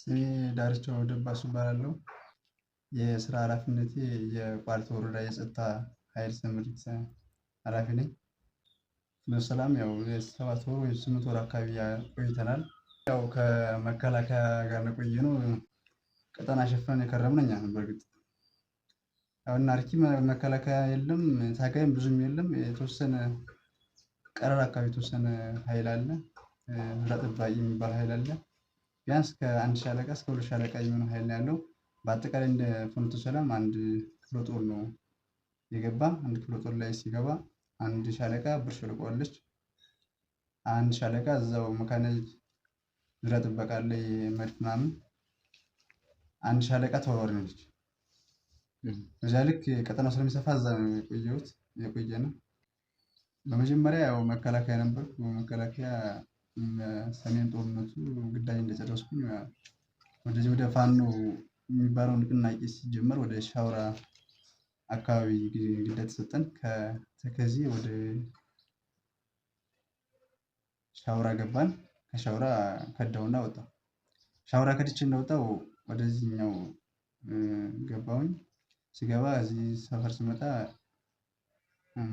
ስሜ ዳርቻው ደባሱ እባላለሁ። የስራ ኃላፊነቴ የቋሪት ወረዳ የጸጥታ ኃይል ስምሪት ኃላፊ ነኝ። በሰላም ያው ሰባት ወር ወይም ስምንት ወር አካባቢ ቆይተናል። ያው ከመከላከያ ጋር ነቆየ ነው ቀጠና ሸፈን የከረምን እኛ ነን። በእርግጥ አሁን አርኪ መከላከያ የለም፣ ታጋይም ብዙም የለም። የተወሰነ ቀረር አካባቢ የተወሰነ ኃይል አለ፣ ምድር ጠባቂ የሚባል ኃይል አለ። ቢያንስ ከአንድ ሻለቃ እስከ ሁለት ሻለቃ የሚሆን ኃይል ነው ያለው። በአጠቃላይ እንደ ፍኖተ ሰላም አንድ ክፍለ ጦር ነው የገባ። አንድ ክፍለ ጦር ላይ ሲገባ አንድ ሻለቃ ብር ሸለቆ አለች። አንድ ሻለቃ እዛው መካነጅ ዙሪያ ጥበቃ ላይ መድፍ ምናምን አንድ ሻለቃ ተወርዋሪ ነች። በዚያ ልክ ቀጠናው ስለሚሰፋ እዛ ነው የቆየሁት የቆየ ነው። በመጀመሪያ ያው መከላከያ ነበር። መከላከያ። ሰሜን ጦርነቱ ግዳጅ እንደጨረስኩኝ ወደዚህ ወደ ፋኖ የሚባለው ንቅናቄ ሲጀመር ወደ ሻውራ አካባቢ ግዳጅ ተሰጠን። ከተከዜ ወደ ሻውራ ገባን። ከሻውራ ከዳውና ወጣው። ሻውራ ከድቼ እንደወጣው ወደዚህኛው ገባውኝ። ሲገባ እዚህ ሰፈር ስመጣ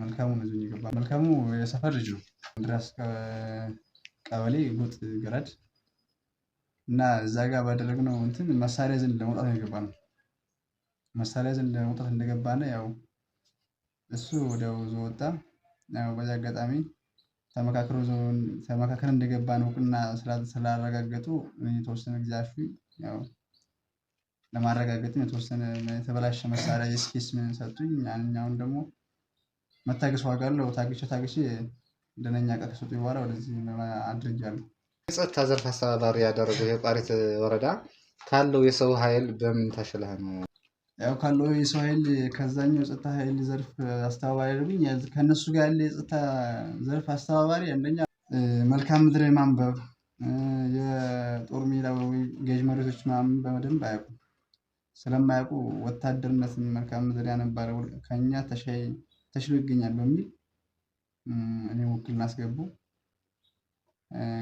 መልካሙ ነው ይገባል። መልካሙ የሰፈር ልጅ ነው ድረስ ቀበሌ ጎጥ ገረድ እና እዛ ጋር ባደረግነው እንትን መሳሪያ ዘንድ ለመውጣት እንደገባ ነው። መሳሪያ ዘንድ ለመውጣት እንደገባ እንደገባነ ያው እሱ ወዲያው ዞ ወጣ። ያው በዚ አጋጣሚ ተመካክሮ ዞን ተመካከር እንደገባን እውቅና ስላረጋገጡ የተወሰነ ጊዜ አልፎ ያው ለማረጋገጥም የተወሰነ የተበላሸ መሳሪያ የስኬስ ምን ሰጡኝ። ያንኛውን ደግሞ መታገስ ዋጋ አለው። ታግቼ ታግሼ እንደነኛ ቀ ከሰጡኝ በኋላ ወደዚህ አድርጃለሁ። የጸጥታ ዘርፍ አስተባባሪ ያደረገው የቋሪት ወረዳ ካለው የሰው ኃይል በምን ተሽለህ ነው? ያው ካለው የሰው ኃይል ከዛኛው የጸጥታ ኃይል ዘርፍ አስተባባሪ አደረጉኝ። ከእነሱ ጋር ያለ የጸጥታ ዘርፍ አስተባባሪ አንደኛ መልካም ምድር ማንበብ የጦር ሜዳ ገዥ መሬቶች ምናምን በደንብ አያውቁም። ስለማያውቁ ወታደርነትን መልካም ምድር ያነባረ ከኛ ተሽሎ ይገኛል በሚል እኔ ውክልና አስገቡ።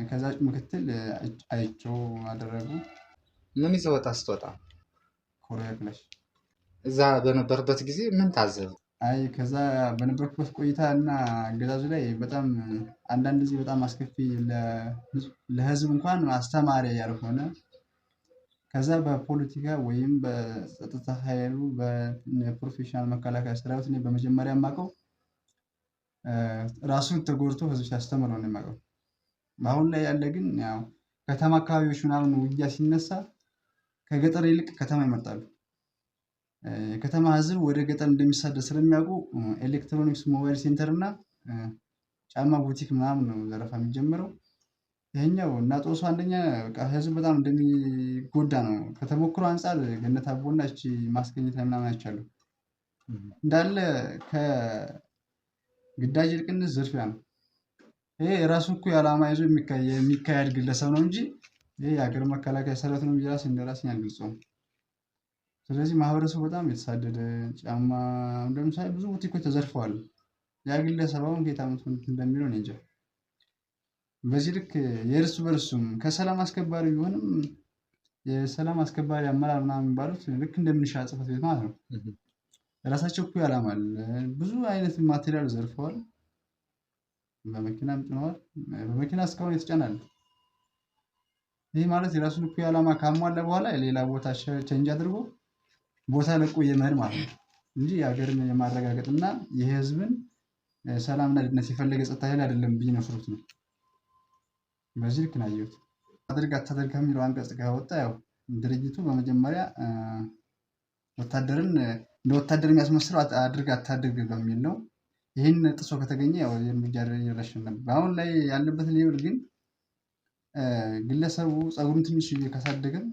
ከዛች ምክትል አይቸው አደረጉ። ምን ይዘህ ወጣ? ስትወጣ እዛ በነበርበት ጊዜ ምን ታዘብ? አይ ከዛ በነበርኩበት ቆይታ እና አገዛዙ ላይ በጣም አንዳንድ ጊዜ በጣም አስከፊ ለህዝብ እንኳን አስተማሪ ያልሆነ ከዛ በፖለቲካ ወይም በጸጥታ ኃይሉ በፕሮፌሽናል መከላከያ ሰራዊት በመጀመሪያ የማውቀው ራሱን ተጎድቶ ህዝብ ሲያስተምር ነው የምናውቀው። አሁን ላይ ያለ ግን ያው ከተማ አካባቢዎች ምናምን ውጊያ ሲነሳ ከገጠር ይልቅ ከተማ ይመርጣሉ። የከተማ ህዝብ ወደ ገጠር እንደሚሳደድ ስለሚያውቁ ኤሌክትሮኒክስ፣ ሞባይል ሴንተር እና ጫማ ቡቲክ ምናምን ነው ዘረፋ የሚጀምረው። ይህኛው እና ጦሱ አንደኛ ህዝብ በጣም እንደሚጎዳ ነው። ከተሞክሮ አንጻር ገነት አቦና እቺ ማስገኘት ምናምን አይቻሉ እንዳለ ግዳጅ እልቅነት ዝርፊያ ነው። ይሄ የራሱ እኮ የዓላማ ይዞ የሚካሄድ ግለሰብ ነው እንጂ ይሄ የሀገር መከላከያ ሰራዊት ነው እንጂ ራሴ እንደራሴን ስለዚህ ማህበረሰቡ በጣም የተሳደደ ጫማ እንደምሳሌ ብዙ ቡቲኮች ተዘርፈዋል። ያ ግለሰብ አሁን ጌታ ዓመት እንደሚለው እኔ እንጃ። በዚህ ልክ የእርስ በርሱም ከሰላም አስከባሪ ቢሆንም የሰላም አስከባሪ አመራር ምናምን የሚባሉት ልክ እንደምንሻ ጽፈት ቤት ማለት ነው ራሳቸው እኮ ያላማል። ብዙ አይነት ማቴሪያል ዘርፈዋል፣ በመኪና ጭነዋል። በመኪና እስካሁን የተጫናል። ይህ ማለት የራሱን እኮ ያላማ ካሟለ በኋላ ሌላ ቦታ ቸንጅ አድርጎ ቦታ ለቆ የመሄድ ማለት ነው እንጂ የሀገርን የማረጋገጥና የህዝብን ሰላምና ድነት የፈለገ ጸጥታ ኃይል አይደለም ብዬ ነው ፍሩት ነው። በዚህ ልክ ነው አየሁት። አድርግ አታደርግ ከሚለው አንቀጽ ከወጣ ያው ድርጅቱ በመጀመሪያ ወታደርን እንደ ወታደር የሚያስመስለው አድርግ አታድርግ በሚል ነው። ይህን ጥሶ ከተገኘ ያው የእርምጃ ይረሸናል። በአሁን ላይ ያለበት ሌብል ግን ግለሰቡ ፀጉሩን ትንሽ ካሳደገም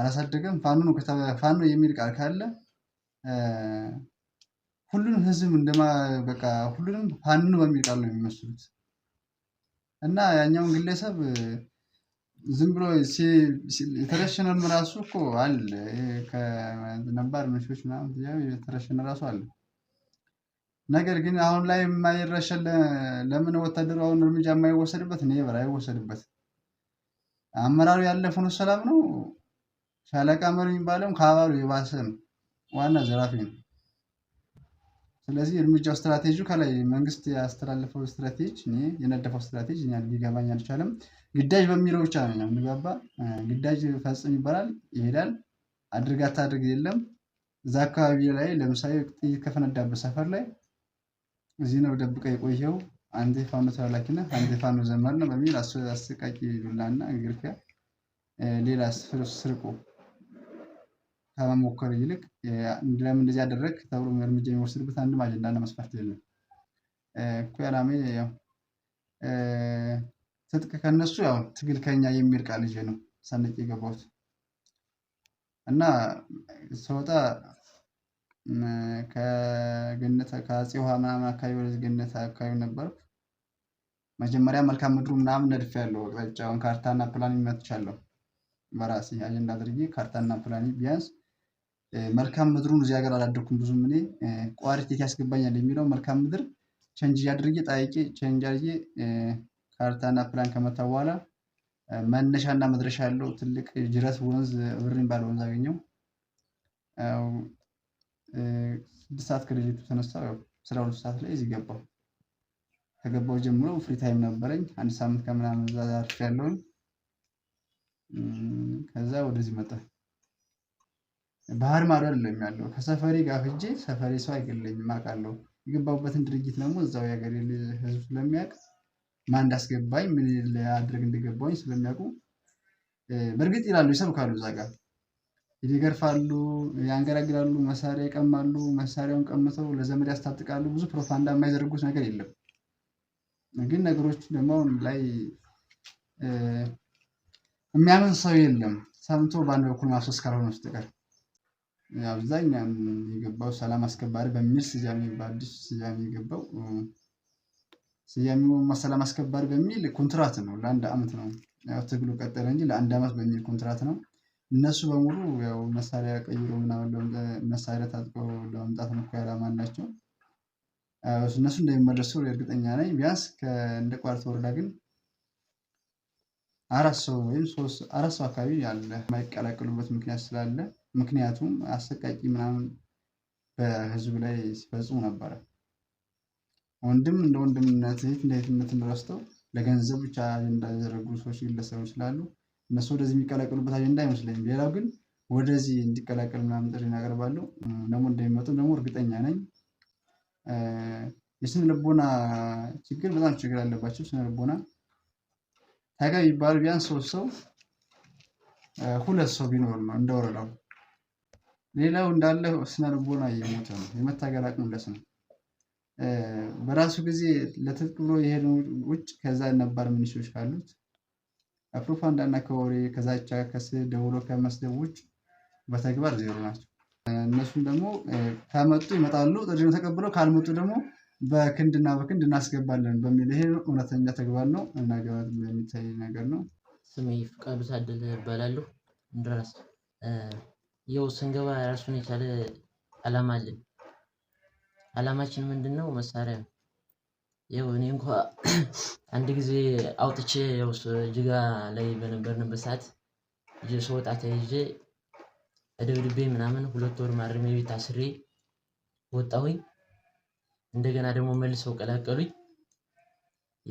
አላሳደገም ፋኖ ነው ፋኖ የሚል ቃል ካለ ሁሉንም ህዝብ እንደማ በቃ ሁሉንም ፋኖ በሚል ቃል ነው የሚመስሉት እና ያኛውን ግለሰብ ዝም ብሎ የተረሸነም ራሱ እኮ አለ። ከነባር ምንሾች የተረሸነ ራሱ አለ። ነገር ግን አሁን ላይ የማይረሸን ለምን ወታደሩ አሁን እርምጃ የማይወሰድበት እኔ በር አይወሰድበት አመራሩ ያለፈውን ሰላም ነው። ሻለቃ መሪ የሚባለውም ከአባሉ የባሰ ነው። ዋና ዘራፊ ነው። ስለዚህ እርምጃው ስትራቴጂ ከላይ መንግስት ያስተላለፈው ስትራቴጂ እኔ የነደፈው ስትራቴጂ ሊገባኝ አልቻለም። ግዳጅ በሚለው ብቻ ነው የሚገባ። ግዳጅ ፈጽም ይባላል ይሄዳል። አድርግ አታድርግ የለም። እዛ አካባቢ ላይ ለምሳሌ ጥይት ከፈነዳበት ሰፈር ላይ እዚህ ነው ደብቀ የቆየው አንዴ ፋኖ ተላላኪነ አንዴ ፋኖ ዘመር ነው በሚል አስቃቂ ዱላና ግርፊያ ሌላ ስርቆ ከመሞከር ይልቅ ለምን እንደዚህ አደረግ ተብሎ እርምጃ የሚወስድበት አንድም አጀንዳ እና መስፈርት የለም። ኩያላሜ ትጥቅ ከነሱ ያው ትግል ከኛ የሚል ቃል ይዤ ነው ሰንቄ የገባሁት እና ሰወጣ ከገነት ከአፄ ውሃ ምናምን አካባቢ ወደ ገነት አካባቢ ነበርኩ። መጀመሪያ መልካም ምድሩ ምናምን ነድፍ ያለው አቅጣጫውን ካርታና ፕላን ይመትቻለሁ በራሴ አጀንዳ አድርጌ ካርታና ፕላን ቢያንስ መልካም ምድሩን እዚህ ሀገር አላደኩም ብዙም እኔ ቋሪት የት ያስገባኛል የሚለው መልካም ምድር ቸንጅ እያድርጌ ጣይቄ ቸንጅ አድርጌ ካርታና ፕላን ከመታ በኋላ መነሻና መድረሻ ያለው ትልቅ ጅረት ወንዝ ብሪን ባለ ወንዝ አገኘው። ስድስት ሰዓት ከልጅቱ ተነሳ ስራ ሁለት ሰዓት ላይ እዚህ ገባው። ከገባው ጀምሮ ፍሪ ታይም ነበረኝ አንድ ሳምንት ከምናምን ዛዛ ያለውን ከዛ ወደዚህ መጣ። ባህር ማዶ አይደለም ያለው ከሰፈሬ ጋር ሄጄ ሰፈሬ ሰው አይገለኝም አውቃለሁ። የገባሁበትን ድርጅት ደግሞ እዛው የሀገሬ ህዝብ ስለሚያውቅ ማን እንዳስገባኝ ምን ላድርግ እንደገባሁኝ ስለሚያውቁ በእርግጥ ይላሉ ይሰብካሉ እዛ ጋር ይገርፋሉ፣ ያንገራግራሉ፣ መሳሪያ ይቀማሉ። መሳሪያውን ቀምተው ለዘመድ ያስታጥቃሉ። ብዙ ፕሮፓጋንዳ የማይዘርጉት ነገር የለም። ግን ነገሮች ደግሞ አሁን ላይ የሚያምን ሰው የለም። ሰምቶ በአንድ በኩል ማፍሰስ ካልሆነ በስተቀር አብዛኛው የገባው ሰላም አስከባሪ በሚል ስያሜ በአዲስ ስያሜ የገባው ስያሜው ሰላም አስከባሪ በሚል ኮንትራት ነው። ለአንድ አመት ነው ያው ትግሉ ቀጠለ እንጂ ለአንድ አመት በሚል ኮንትራት ነው። እነሱ በሙሉ ያው መሳሪያ ቀይሮ ምናምን መሳሪያ ታጥቀው ለመምጣት ሙከራ አላቸው። እነሱ እንደሚመለሱ እርግጠኛ ነኝ። ቢያንስ እንደ ቋርት ወረዳ ግን አራት ሰው ወይም አራት ሰው አካባቢ ያለ የማይቀላቀሉበት ምክንያት ስላለ ምክንያቱም አሰቃቂ ምናምን በህዝብ ላይ ሲፈጽሙ ነበረ። ወንድም እንደ ወንድምነት እህት እንደ ረስተው ለገንዘብ ብቻ አጀንዳ ያደረጉ ሰዎች ሊለሰሩ ይችላሉ። እነሱ ወደዚህ የሚቀላቀሉበት አጀንዳ አይመስለኝም። ሌላው ግን ወደዚህ እንዲቀላቀል ምናምን ጥሪ እናቀርባለሁ። ደግሞ እንደሚመጡ ደግሞ እርግጠኛ ነኝ። የስነ ልቦና ችግር በጣም ችግር አለባቸው። ስነ ልቦና ታጋ የሚባል ቢያንስ ሶስት ሰው ሁለት ሰው ቢኖር ነው እንደወረዳው ሌላው እንዳለ ስነ ልቦና እየሞተ ነው። የመታገል አቅሙ ለስ ነው። በራሱ ጊዜ ለትጥቅ ብሎ የሄዱ ውጭ ከዛ ነባር ሚኒስትሮች ካሉት ከፕሮፓጋንዳና ከወሬ ከዛቻ ከስ ደውሎ ከመስደብ ውጭ በተግባር ዜሮ ናቸው። እነሱም ደግሞ ከመጡ ይመጣሉ ጥሪ ተቀብለው፣ ካልመጡ ደግሞ በክንድና በክንድ እናስገባለን በሚል ይሄ እውነተኛ ተግባር ነው እና የሚታይ ነገር ነው። ስሜ ፍቃዱ ታደለ እባላለሁ። ያው ስንገባ ራሱን የቻለ አላማ አለን። አላማችን ምንድን ነው? መሳሪያ ነው። ያው እኔ እንኳ አንድ ጊዜ አውጥቼ ያው ጅጋ ላይ በነበርንበት ሰዓት ሰወጣ ተይዤ እደብድቤ ምናምን ሁለት ወር ማረሚያ ቤት አስሬ ወጣሁኝ። እንደገና ደግሞ መልሰው ቀላቀሉኝ።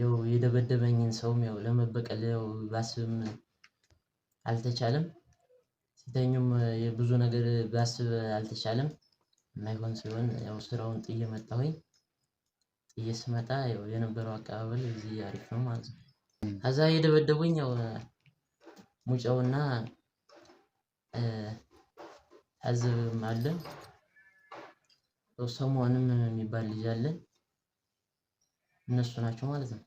ያው የደበደበኝን ሰውም ያው ለመበቀል ያው ባስብም አልተቻለም። ዳኛውም ብዙ ነገር ባስብ አልተቻለም። የማይሆን ሲሆን ያው ስራውን ጥዬ መጣሁኝ። ጥዬ ስመጣ ያው የነበረው አቀባበል እዚህ አሪፍ ነው ማለት ነው። ከዛ የደበደቡኝ ያው ሙጫውና አዘብም አለ ሰሞንም የሚባል ልጅ አለ። እነሱ ናቸው ማለት ነው።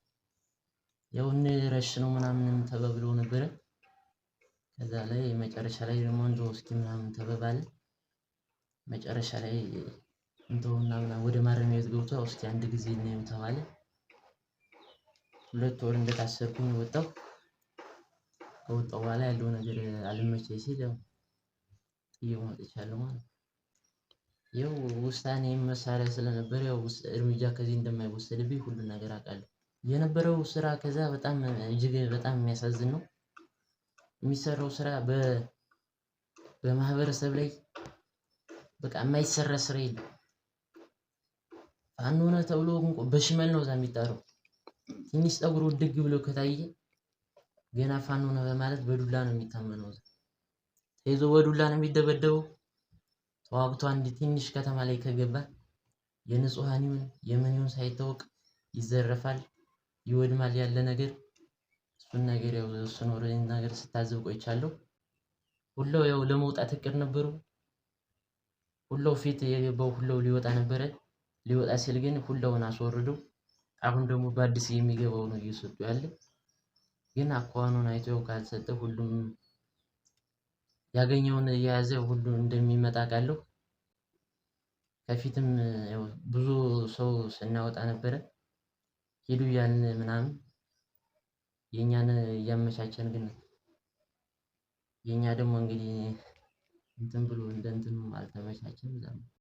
ያው እንረሽ ነው ምናምንም ተባብለው ነበረ። ከዛ ላይ መጨረሻ ላይ ደግሞ እንዶ እስኪ ምናምን ተበባለ። መጨረሻ ላይ እንዶ ምናምን ወደ ማረሚያ ቤት ገብቶ እስኪ አንድ ጊዜ ነው ተባለ። ሁለት ወር እንደታሰርኩኝ ወጣሁ። ከወጣሁ በኋላ ያለው ነገር አልመቼ ሲል ያው ጥዬው መጥቻለሁ ማለት ነው። ያው ውሳኔ መሳሪያ ስለነበረ ያው እርምጃ ከዚህ እንደማይወሰድብኝ ሁሉን ነገር አውቃለሁ። የነበረው ስራ ከዛ በጣም እጅግ በጣም የሚያሳዝን ነው። የሚሰራው ስራ በማህበረሰብ ላይ በቃ የማይሰራ ስራ የለም። ፋኖ ነህ ተብሎ በሽመል ነው እዛ የሚጠራው። ትንሽ ጠጉር ድግ ብሎ ከታየ ገና ፋኖ ነህ በማለት በዱላ ነው የሚታመነው። እዛ ተይዞ በዱላ ነው የሚደበደበው። ተዋግቶ አንድ ትንሽ ከተማ ላይ ከገባ የንጹሐን ይሁን የምን ይሁን ሳይታወቅ ይዘረፋል፣ ይወድማል ያለ ነገር ሁሉ ነገር ያው እሱን ነገር ስታዘብ ቆይቻለሁ። ሁላው ያው ለመውጣት እቅድ ነበሩ። ሁለው ፊት የገባው ሁለው ሊወጣ ነበረ። ሊወጣ ሲል ግን ሁለውን አስወርደው። አሁን ደግሞ በአዲስ የሚገባው ነው እየሰጡ ያለ። ግን አይቶ ያው ካልሰጠ ሁሉም ያገኘውን የያዘ ሁሉ እንደሚመጣ ቃለሁ። ከፊትም ብዙ ሰው ስናወጣ ነበረ ሂዱ ያን ምናምን የእኛን እያመቻቸን ግን የእኛ ደግሞ እንግዲህ እንትን ብሎ እንደ እንትኑ አልተመቻቸም።